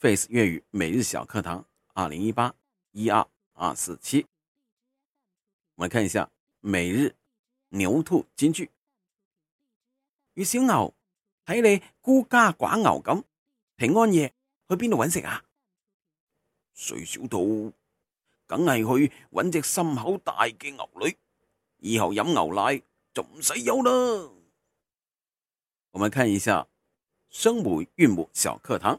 Face 粵語每日小課堂，二零一八一二二四七，我們看一下每日牛兔金句，粵小牛，睇你孤家寡牛咁，平安夜去邊度搵食啊？穗小兔，梗係去搵隻心口大嘅牛女，以後飲牛奶就唔使憂啦。我們看一下聲母韻母小課堂。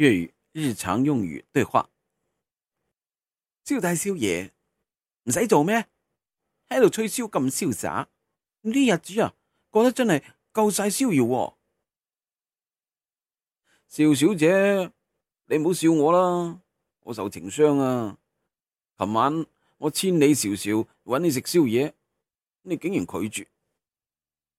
粵語日常用語對話，蕭大少爺，唔使做咩，喺度吹簫咁瀟灑，呢日子啊，過得真係夠晒逍遙喎。邵小姐，你唔好笑我啦，我受情傷啊。琴晚我千里迢迢揾你食宵夜，你竟然拒絕。